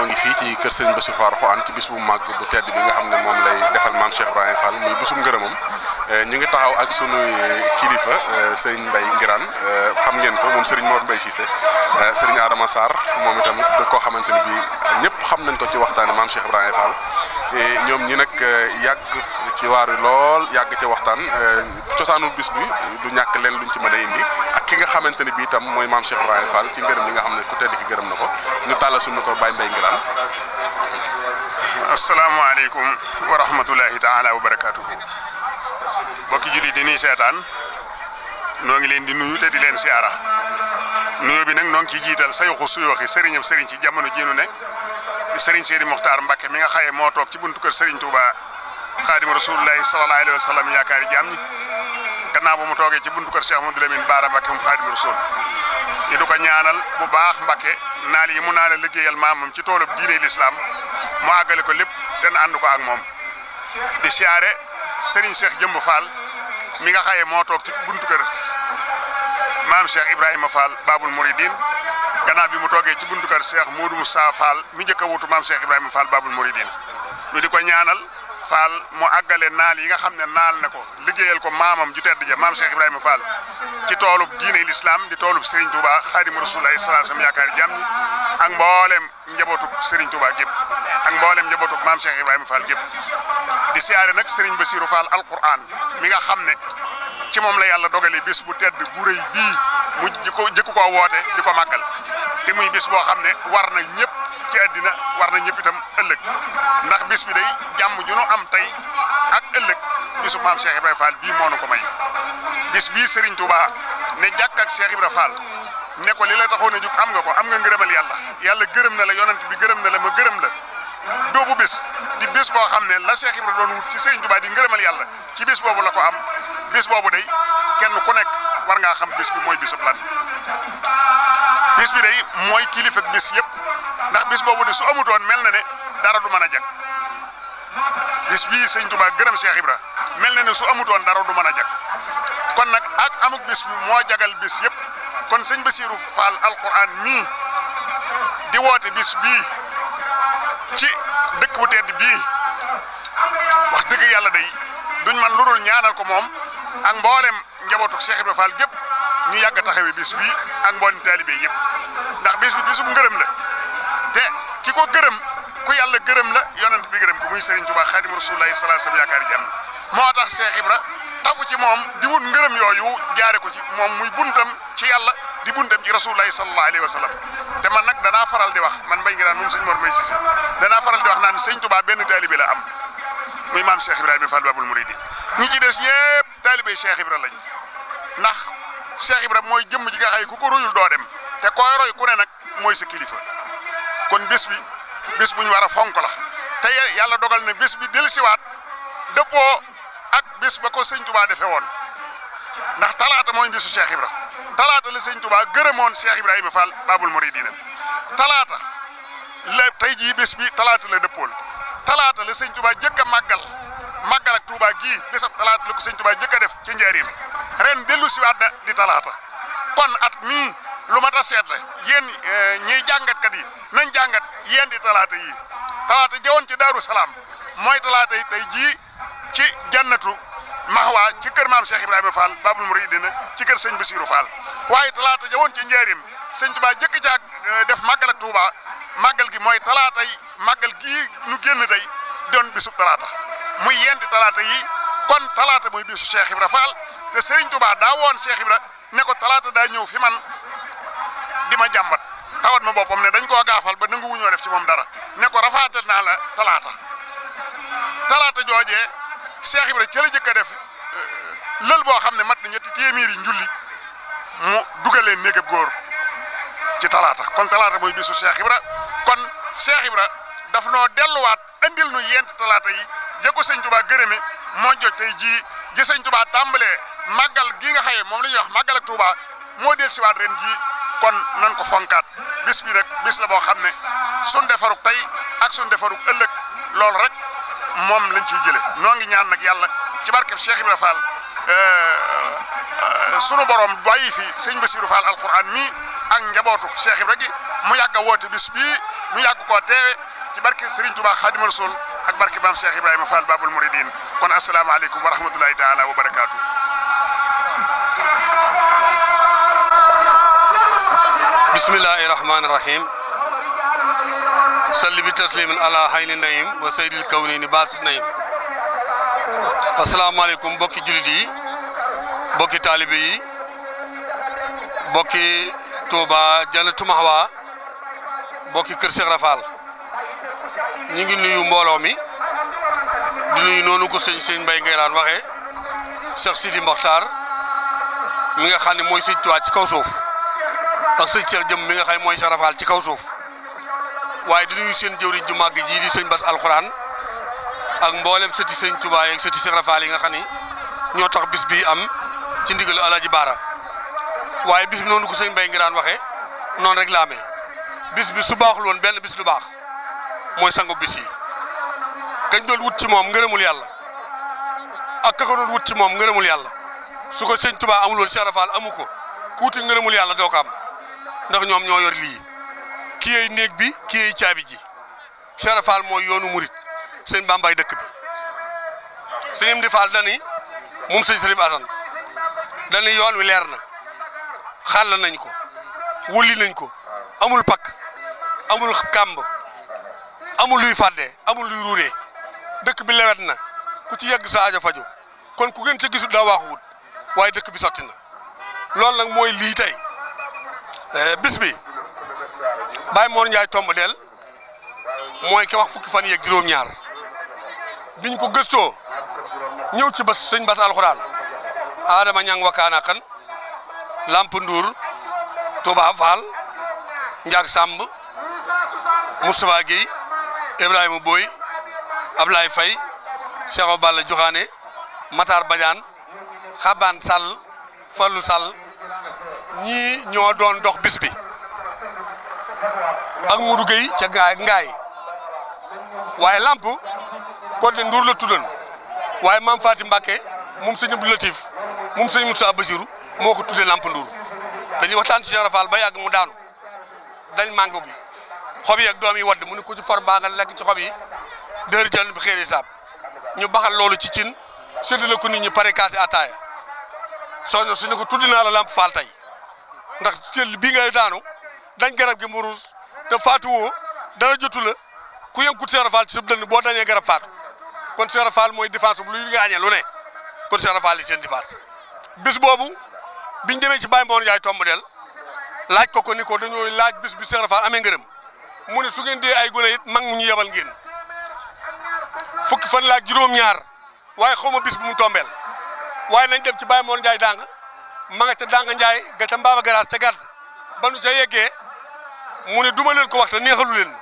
ñoo ngi fii ci kër Serigne Bassirou Fall Roxaan ci bis bu màgg bu tedd bi nga xam ne moom lay defal maam Cheikh Ibrahima Fall muy bisum ngërëmam Euh, ñu ngi taxaw ak sunu euh, kilifa euh, sëriñ Mbay Ngiraan xam ngeen ko moom sëriñ Mor Mbay Cissé sëriñ Adama Sarr moom itamit da koo xamante ni bii ñëpp xam nañ ko ci waxtaane maam Cheikh ñoom ñi nag yàgg ci waaru lool yàgg ci waxtaan cosaanu bis bi du ñàkk leen luñ ci mën a indi ak ki nga xamante ni bii itam mooy maam Cheikh Ibrahima Fall ci ngërëm li nga xam ne ku tedd ki gërëm na ko ñu tàllal suñu ko Baye Mbay Ngiraan asalaamaaleykum wa rahmatulahi taala wa mbokki jullit di nuy seetaan noo ngi leen di nuyu te di leen siyaara nuyu bi nag noo ngi ciy jiital sayuxu suyooxi sëriñam sëriñ ci jamono jiinu ne di sëriñ Seydi Muxtaar Mbàkke mi nga xaye moo toog ci buntu kër sëriñ Touba xaadimu rasulillahi sallallahu alayhi wa sallam yaakaari jaam ñi gannaaw bu mu toogee ci buntu kër Cheikh Amadou Lamine Baara Mbàkke mu xaadimu rasul ñu du ko ñaanal bu baax Mbàkke naal yi mu naa la liggéeyal maamam ci toolub diine lislaam mu àggale ko lépp te ak moom di siyaare sëriñ Cheikh mi nga xaye moo toog ci buntu kër maam Cheikh Ibrahima Fall Babul Mouridine gannaaw bi mu toogee ci buntu kër Cheikh Modou Moussa Fall mi njëkk a wutu maam Cheikh Ibrahima Fall Babul Mouridine ñu di ko ñaanal. Fall mu àggale naal yi nga xam ne naal na ko liggéeyal ko maamam ju tedd ja maam Cheikh Ibrahima Fall ci toolub diine l'islam di toolub Serigne Touba Xaadimu Rasuul ay salaam yaakaar jàmm ñi ak mboolem njabootug Serigne Touba gépp ak mboolem njabootug maam Cheikh Ibrahima Fall gépp di siyaare nag Serigne Bassirou Fall alquran mi nga xam ne. ci moom la yàlla dogale bis bu tedd bu rëy bii mu jikko jëkku koo woote di ko màggal te muy bis boo xam ne war na ñëpp ci àddina war na ñëpp itam ëllëg ndax bis bi day jàmm ju nu am tey ak ëllëg bisu maam Cheikh Ibrahima bii moo nu ko may bis bii sëriñ Touba ne jàkk ak Cheikh Ibrahima Fall ne ko li la taxoon a jóg am nga ko am nga ngërëmal yàlla yàlla gërëm na la yoonant bi gërëm na la ma gërëm la doobu bis di bis boo xam ne la Cheikh Ibrahima doon wut ci Serigne Touba di ngërëmal yàlla ci bis boobu la ko am bis bobu day kenn ku nek war nga xam bis bi moy bisab lan bis bi day moy kilifa bis yep ndax bis bobu su mel nene ne dara du meuna jak bis bi seigne touba Cheikh Ibra mel nene ne su amutoon dara du meuna jak kon nak ak amuk bis bi mo jagal bis yep kon seigne basirou fal alquran ni di wote bis bi ci dekk bu tedd bi wax komom yalla day duñ man ñaanal ko mom ak mbolem njabotu Cheikh Ibrahima Fall gépp ñu yag taxawé bis bi ak mboolem talibé yëpp ndax bis bi bisum ngeureum la te kiko geureum ku yalla geureum la yonent bi geureum ko muy Serigne Touba khadim Rasuulillaahi sallallahu alaihi wasallam yakari yaakaari motax Cheikh Ibra tafu ci mom di wut ngeureum yoyu jaaré ko ci mom muy buntam ci yalla di buntam ci Rasuulillaahi sallallahu alaihi wasallam té te man nak dana faral di wax man bay ngiran mom serigne Mor may sisi dana faral di wax nan serigne Touba ben talibé la am muy mam Cheikh Ibrahima Fall Babul Muridi ñi ci dess ñepp taalibe Cheikh Ibra lañ ndax Cheikh Ibra mooy jëmm ji nga xay ku ko royul doo dem te koy roy ku ne nag mooy sa kilifa kon bés bi bés buñ war a fonk la te yàlla dogal na bis bi dellusiwaat dëppoo ak bés ba ko sëñ Touba defee woon ndax talaata mooy bisu Cheikh Ibra talaata la sëñ Touba gërëmoon Cheikh Ibrahima Fall Babul Mouridina talaata la tey jii bés bi talaata la dëppoon talaata la sëñ Touba jëkk a màggal. màggal ak Touba gii bisab talaata la ko sëñ Touba jëkk def ci njaarim ren si siwaat na di talaata kon at mii lu mat a seet la yéen eh, ñiy jàngatkat yi nañ jàngat yéen di talaata yi talaata jawoon ci Daaru Salaam mooy talaata yi tey jii ci jannatu Mahwa ci kër maam Cheikh Ibrahima Fall Babul Mouridina ci kër sëñ Bassirou Fall waaye talaata jawoon ci njaarim sëñ Touba jëkk ca eh, def màggal tuuba Touba màggal gi mooy talaata yi màggal gii nu génn tey doon bisub talaata. muy yenti talaata yi kon talaata mooy bisu Cheikh Ibra Fall te Sëriñ Tuubaa daa woon Cheikh Ibra ne ko talaata daa ñëw fi man di ma jàmbat tawat ma boppam ne dañ koo gaafal ba nangu wuñoo def ci moom dara ne ko rafaatal naa la talaata talaata jooje Cheikh Ibra ci la def euh, lël boo xam ne mat na ñetti téeméeri njulli mu dugalee néegab góor ci talaata kon talaata mooy bisu Cheikh Ibra kon Cheikh Ibra daf noo delluwaat andil nu yent talaata yi ja ko sëñ Touba gërëme moo jot tey jii ji sëñ Touba tàmbalee màggal gi nga xaye moom la ñuy wax màggal ak Touba moo del siwaat ren ji kon nan ko fonkaat bis bi nag bis boo xam ne sun defaruk tey ak sun defaruk ëllëg loolu rek moom lañ ciy jële noo ngi ñaan nag yàlla ci barkeb Cheikh Ibrahima Fall euh, euh, sunu borom bàyyi fi sëñ Bassirou Fall alquran mii ak njabootu Cheikh Ibrahima gi mu yàgg woote bis bii mu yàgg ko teewe ci barkeb Serigne Touba Khadimou Rassoul barki bam Cheikh Ibrahima Fall Babul muridin kon alaykum wa rahmatullahi taala wa barakatuh bismillahirrahmanirrahim rahmaani salli bi taslimin ala hayni nayim wa sayyidil kawnin bas nayim. assalamu alaykum bokki julidi bokki talibi bokki toba jannatu Mahwa bokki keur Cheikh Rafal ñi ngi nuyu mbolo mi. di nuyu noonu ko sëñ mbay Mbaye Ngaylaan waxee Cheikh Sidi Mokhtar mi nga xam ne mooy sëñ Tuubaa ci kaw suuf ak sëñ Cheikh Jëm mi nga xam ne mooy sarafaal ci kaw suuf waaye di nuyu seen jëwriñ ju màgg ji di sëñ Bass alxuraan ak mboolem sëti sëñ Tuubaa yeeg sëti Cheikh Rafaal yi nga xam ni ñoo tax bis bi am ci ndigalu Alaaji Baara waaye bis bi noonu ko sëñ Mbaye Ngiraan waxee noonu rek la bis bi su baaxul woon benn bis lu baax mooy sangu bis yi. kañ doon wut ci moom ngërëmul yàlla ak ka ko wut ci moom ngërëmul yàlla su ko sëñ Tuubaa amul woon Cheikh Ibra Fall amu ko ku wuti ngërëmul yàlla doo ko am ndax ñoom ñoo yor lii kii yey néeg bi kii yey caabi ji Cheikh Ibra mooy yoonu murit sëñ Bambaay dëkk bi sëñ Amdi Fall dani moom sëñ Sërif Asan dani yoon wi leer na xàll nañ ko wulli nañ ko amul pak amul kàmb amul luy fàddee amul luy dëkk bi lewet na ku ci yegg sa aajo faju kon ku gën ci gisul daa waaxu wut waaye dëkk bi sotti na loolu nag mooy lii tey eh, bis bi Baye Mor Ndiaye tomb del mooy ki wax fukki fan yeeg juróom-ñaar biñ ko gëstoo ñëw ci bés sëñ bas alxuraan Adama ñang wakaana kan Lamp Ndour Touba Fall Ndiak Samb Moustapha Guèye Ibrahima Boy ablay fay Cheikh Balla Joxaane Matar badian khaban sal fallu sal ñi ño doon dox bis bi ak mudu Gueye ca gaay ngaay waye lamp ko de ndur la tudon waye mam Fatim mbake mum sëñ Abdou Latif moom sëñ Moussa Bassirou moo ko tuddee lamp nduur dañuy ci Rafal ba yag mu daanu dañ mango gi xobi ak doom wad mu ne ko ci for nga lek ci xobi dër jël bi xëy saab ñu baxal loolu ci cin séddale ko nit ñi pare kaasi ataaya soo su ne ko tuddi naa la Lamp Fall tey ndax jël bii ngay daanu dañ garab gi mu ruus te faatu woo dara jotu la ku yem ku Seera Fall ci sub dënn boo dañee garab faatu kon Seera Fall mooy défense bu luy gaañee lu ne kon Seera Fall yi seen défense bis boobu biñ demee ci Baye Mor Ndiaye tomb del laaj ko ko ni ko dañoo laaj bis bi Seera Fall amee ngërëm mu ne su ngeen dee ay gone it mag ñu yebal ngeen. fan la juroom ñaar waye xawma bis bu mu tombel waye nañ dem ci Baye mon jaay dang ma nga ci dang jaay ga ta Mbaba Garaas ta gad banu ja yegge mu ne duma leen ko wax te neexalu leen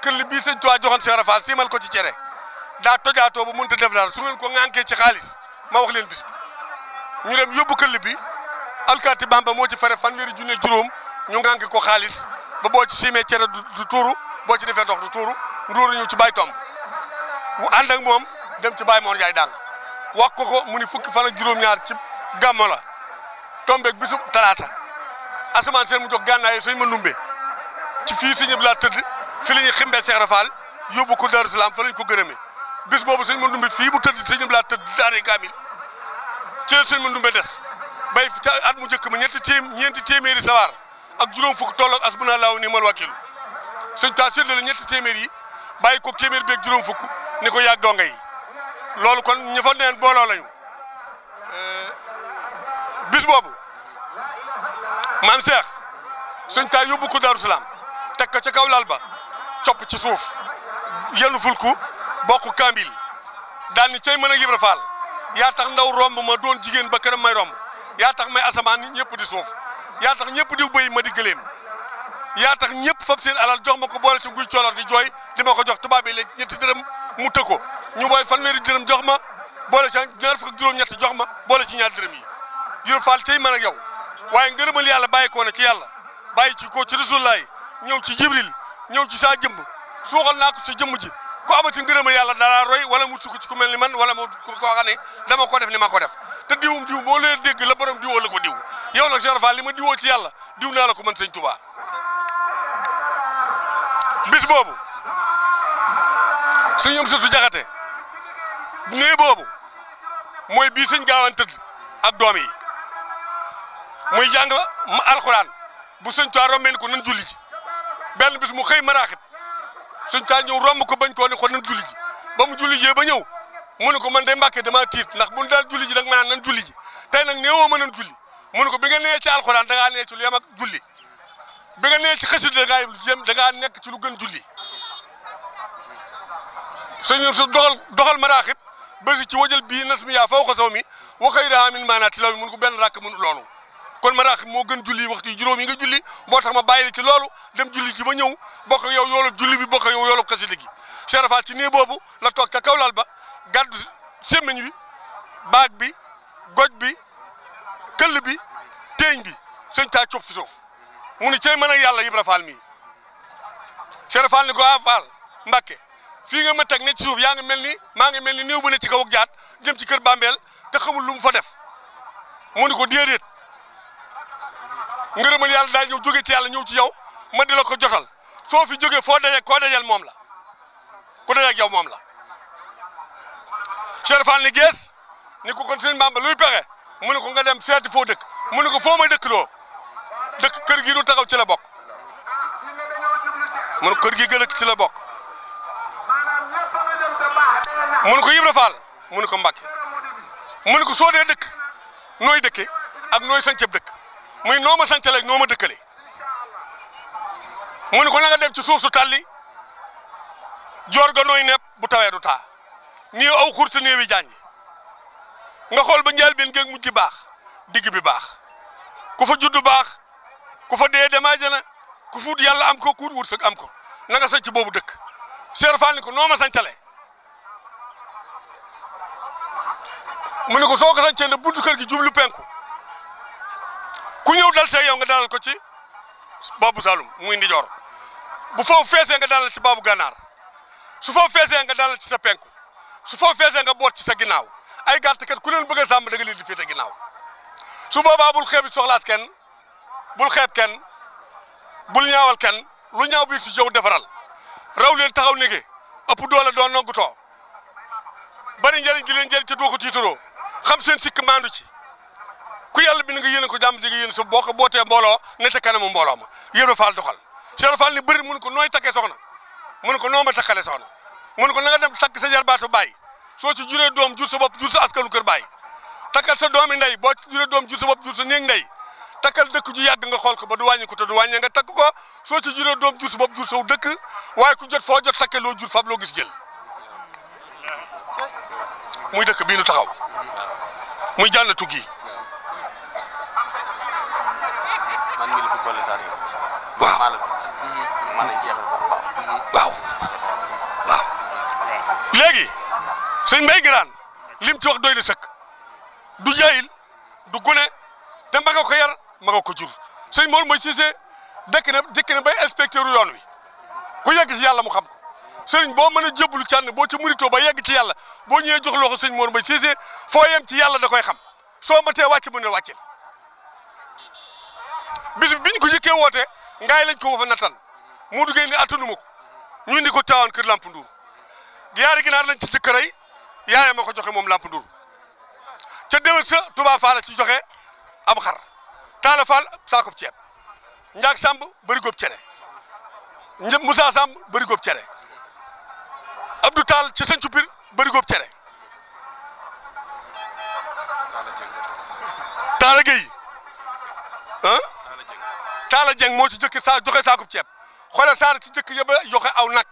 keul bi bii sëñ joxon Cheikh rafa simal ko ci ciere da tojaatoo bu mënut a def dal su ngeen ko ŋànkee ci xaalis ma wax leen bis bi ñu dem yobbu keul bi alkati Bamba mo ci fere fanweeri juune juroom ñu ŋànk ko xaalis ba bo ci simé ciere du tuuru bo ci defé dox du tuuru ndoru ñu ci bay tombe mu and ak mom dem ci Baye mon Ndiaye dang wax ko ko mu fukk fukki fan ak juróom-ñaar ci gàmmo la ak bisu talata asman sen mu jox gànnaay sey ma numbe ci fi seigne bi teud fi la ñuy Cheikh Rafal yobbu ko Darou salam fa lañ ko gërëmee bis bobu seigne ma numbe fi bu teud seigne bi teud tëdd kamil ci seigne ma numbe dess bay at mu jëk ma ñetti téem ñeenti téeméeri sawar ak juroom fukk tolloog as ni mal wakilu sëñ taa la ñetti téeméer yi bàyyi ko téeméer beeg juróom fukk ni ko yaa donga yi loolu kon ñu fa neen booloo lañu euh, bis boobu maam Cheikh suñ taay yóbbu ko Daaru teg ko ca kaw lal ba copp ci suuf yenu fulku bokk kambil daal ni cay mën a Ibra Faal yaa tax ndaw romb ma doon jigéen ba këram may romb yaa tax may asamaan ñëpp di suuf yaa tax ñëpp di bëy ma di gëléem yaa tax ñëpp fab seen alal jox ma ko boole ci guy coolor di jooy di ko jox tubaab yi léegi ñetti dërëm mu të ko ñu booy fanweeri dërëm jox ma boole ci ñaar fukk juróom-ñetti jox ma boole ci ñaar dërëm yi yul faal tey man ak yow waaye ngërëmal yàlla bàyyi ko na ci yàlla bàyyi ci ko ci rasulaay ñëw ci jibril ñëw ci saa jëmm suuxal naa ko sa jëmm ji ku amati ngërëmal yàlla dara roy wala mu ko ci ku mel ni man wala mu ko xam ne dama ko def li ma ko def te diwum diw dégg la borom diwoo la ko diw yow nag Cheikh Fall li ma diwoo ci yàlla diw naa la ko man sëñ Tuubaa bis boobu su ñoom sutu nee boobu mooy bii suñ gaawaan tëdd ak doom yi muy jàng alxuraan bu suñ caa rombee ni ko nan julli ji benn bis mu xëy maraaxib suñ caa ñëw romb ko bañ koo ni ko nan julli ji ba mu julli jee ba ñëw mu ne ko man de mbàkke dama tiit ndax bu ñu daan julli ji nag ma naan nan julli ji tey nag néewoo ma nan julli mu ne ko bi nga nee ci alxuraan da ngaa nee ci lu julli bi nga nee ci xësid da ngaa yem da ngaa nekk ci lu gën julli sëñ su doxal doxal maraaxib bëri ci wajal bii nas mi yaa faw ko saw mi waxay daa min maanaa ci law mi mun ko benn rakk mun loolu kon maraaxib moo gën julli waxtu yi juróom yi nga julli moo tax ma bàyyi ci loolu dem julli ci ba ñëw bokk yow yoolub julli bi bokk yow yoolub xasida gi Serapha ci nii boobu la toog ca kawlal ba gàddu sémmiñ bi baag bi goj bi këll bi téeñ bi sëñ taa cóob fi suuf mu ni cey mën ak yàlla Ibra Fall mii Cheikh Fall ni ko ah Fall Mbàkke fii nga ma teg ne ci suuf yaa ngi mel ni maa ngi mel ni néew bu ne ci kaw ak jaat jëm ci kër Bambeel te xamul lu fo fa def mu ni ko déedéet ngërëmal yàlla daay ñëw jóge ci yàlla ñëw ci yow ma di la ko jotal soo fi jógee foo dajee koo dajeel moom la ku dajee ak yow moom la Cheikh Fall ni gees ni ko kon sëñ Bamba luy pexe mu ne ko nga dem seeti foo dëkk mu ne ko foo may dëkk loo dëkk kër gi du taxaw ci la bokk mun kër gi gëlëk ci la bokk mun ko Ibra Faal mun ko Mbàkke mun ko soo dee dëkk nooy dëkke ak nooy sancab dëkk muy noo ma sancale ak noo ma dëkkale mun ko na nga dem ci suuf su tàlli joor ga nooy nepp bu tawee du taa nii aw xurte néewi jàngi nga xool ba njëlbeen géeg mujj baax digg bi baax ku fa judd baax ku fa dee dem àjjana ku fuut yàlla am ko ku wut wërsëg am ko na nga ci boobu dëkk Cheikh Fall ni ko nooma sañcale mu ne ko soo ko sañcee ne buntu kër gi jublu penku ku ñëw dal sa yow nga dalal ko ci boobu salum mu indi joor bu foofu feesee nga dalal ci baabu gànnaar su foofu feesee nga dalal ci sa penku su foofu feesee nga boot ci sa ginnaaw ay gàtt kat ku leen bëgg a sàmm da nga leen di féete ginnaaw su boobaa bul xeeb soxlaas kenn. bul xeeb kenn bul ñaawal kenn lu ñaaw bi si jow defaral raw leen taxaw nege ëpp doole doon noggutoo bari njëriñ gi leen njëriñ te doo ko tiitaroo xam seen sikk maandu ci ku yàlla bi gi nga ko jàmm di nga yéene su boo ko bootee mbooloo ne ca kanamu mbooloo ma yéen faal doxal Cheikh Fall ni bëri mun ko nooy takkee soxna mun ko noo ma takkale soxna mun ko na nga dem takk sa jarbaatu bàyyi soo ci juree doom jur sa bopp jur sa askanu kër baay takkal sa doomi ndey boo ci doom jur sa bopp sa néeg ndey takal dekk ju yag nga xol ko ba du wañi ko te du wañi nga takk ko so ci juro dom jur si bopp jur saw dekk way ku jot fo jot takke lo jur fab lo gis jël muy dekk bi nu taxaw muy jànnatu gi waaw waaw waaw lim ci wax doyna sekk du jaayil du gune te ma ko yar ma nga ko jur sëñ Mor mooy Cissé dëkk na dëkk na bay inspecteur yoon wi ku yegg ci yàlla mu xam ko sëriñ boo mën a jébbalu cànn boo ci muritoo ba yegg ci yàlla boo ñëwee jox loxo sëñ Mor mooy Cissé foo yem ci yàlla da koy xam soo matee wàcc mu ne wàcceel bis biñ ko jëkkee woote ngaay lañ ko woo fa nattan mu duggee ni attanuma ko ñu indi ko taawaan kër Lamp yaar yaari ginaar lañ ci jëkkër ay yaayam ma ko joxe moom Lamp Ndour ca déwén sa Touba Fall ci joxe am xar. Talla Fall saakoob ceeb Ndiak Samb bëri góob cere Ndiab Moussa Samb bëri góob cere Abdou Tall ci sëñ Cupir bëri cere Talla Gueye ah Talla moo ci jëkk saa joxe saakoob ceeb xoolal saara ci jëkk yëpp a joxe aw nag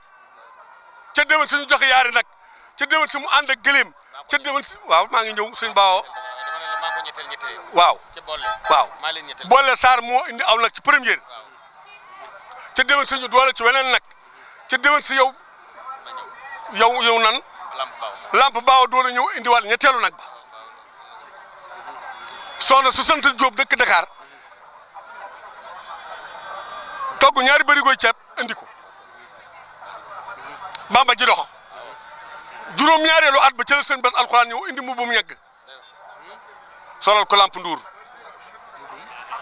ca déwén suñu joxe yaari nag ci déwén su mu ànd ak gëléem ca waaw maa ngi ñëw suñu baawo waaw waaw boole Sarr moo indi aw nag ci première ca déwén suñu doole ci weneen nag ca déwén si yow yow yow nan lamp baaw doole ñëw indiwaat ñetteelu nag ba soxna su sant Jóob dëkk Dakar togg ñaari bërigoy ceeb indi ko bamba ji dox juróom ñaareelu at ba ca la seen bés alxuraan indi mu bu mu yegg solal ko lamp nduur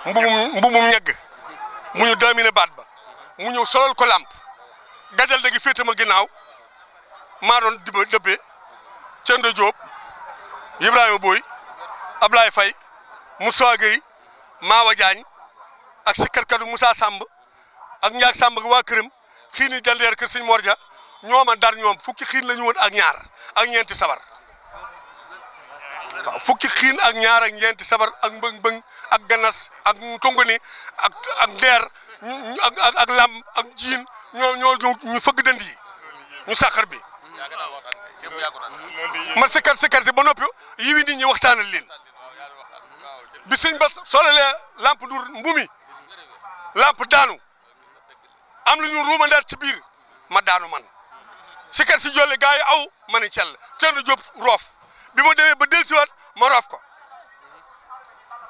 mbubum mbubum ñegg mu ñu daamine baat ba mu ñëw solal ko lamp gajal da gi féete ma ginnaaw maa doon diba dëbbee Jóob Ibrahima Boy Ablaye fay mu Gueye Maawa Jaañ ak si karkatu Moussa Samb ak ñaar Samb ak waa këram xiin yi jaldeer kër sëñ Morja ñooma dar ñoom fukki xiin la ñu ak ñaar ak ñeenti sabar fukki xiin ak ñaar ak ñeenti sabar ak mbëng-mbëng ak ganas ak tongoni ak ak ndeer ak ak lam ak jiin ñoo ñoo ñu fëgg dënd yi ñu sàqar bi man sikar sikar si ba noppi yi wi nit ñi waxtaanal leen bi sëñ bas solalee lamp dur mbumi lamp daanu am lu ñu ruumandaat ci biir ma daanu man sikar si jolle gaa yi aw ma ne cell teel na roof bi mu demee ba dellusiwaat ma roof ko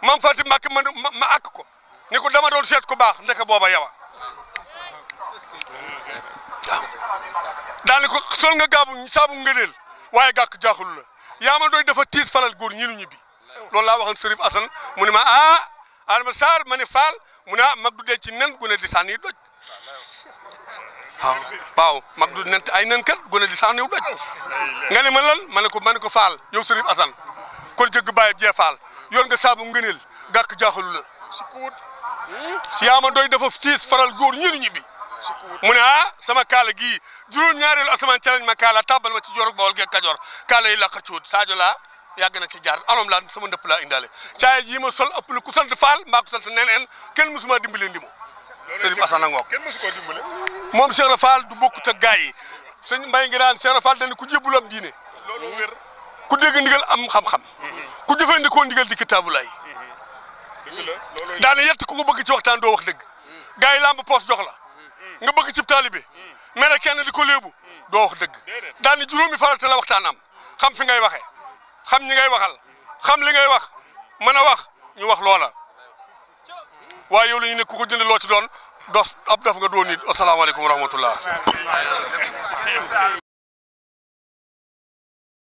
mam Fatim Mbàkke ma ma àkk ko ni ko dama doon seet ko baax ndeke booba yawa waaw daal ni ko sol nga gaabu saabu ngëneel waaye gàkk jaaxul la yaa ma doy dafa tiis falal góor ñi ñibbi loolu laa waxoon Serif Assane mu ne ma ah Adama ma ne Fall mu ne ah mag du dee ci nen gu ne di sànni doj waaw mag du nent ay nen kat gone di sax new doj nga ne ma lan ma ne ko ma ne ko faal yow Serif Assane kon jëgg bàyyi jee faal nga sabu ngëneel gàkk jaaxalu la si kuut doy dafa ftis faral góor ñiru ñibbi bi ne ah sama kala gi juróom ñaareelu asamaan ca lañ ma kala tabal ma ci jorog bawol geeg kajoor kaala yi làq cuut Sadio laa yàgg na ci jaar alom laa sama ndëpp laa indale caaya jii ma sol ëpp lu ku sant fal ma ku sant neneen kenn musuma dimbali ndimo Serif asan a ngok kenn musu ko dimbali moom Cheikh Rafal du bokk te gaa yi sëñ Mbaye ngi naan Cheikh Rafal dañ ku jébbalu am diine ku dégg ndigal am xam-xam ku jëfandikoo ndigal di kitaabulaay daane yett ku ko bëgg ci waxtaan doo wax dëgg gaa yi làmb poos jox la nga bëgg cib taalibe mais nag kenn di ko léebu doo wax dëgg daane juróomi farata la waxtaanam xam fi ngay waxee xam ñi ngay waxal xam li ngay wax mën a wax ñu wax loola waaye yow la ñu ne ku ko jënd loo ci doon dos ab daf nga doon nit asalaamaaleykum wa rahmatullah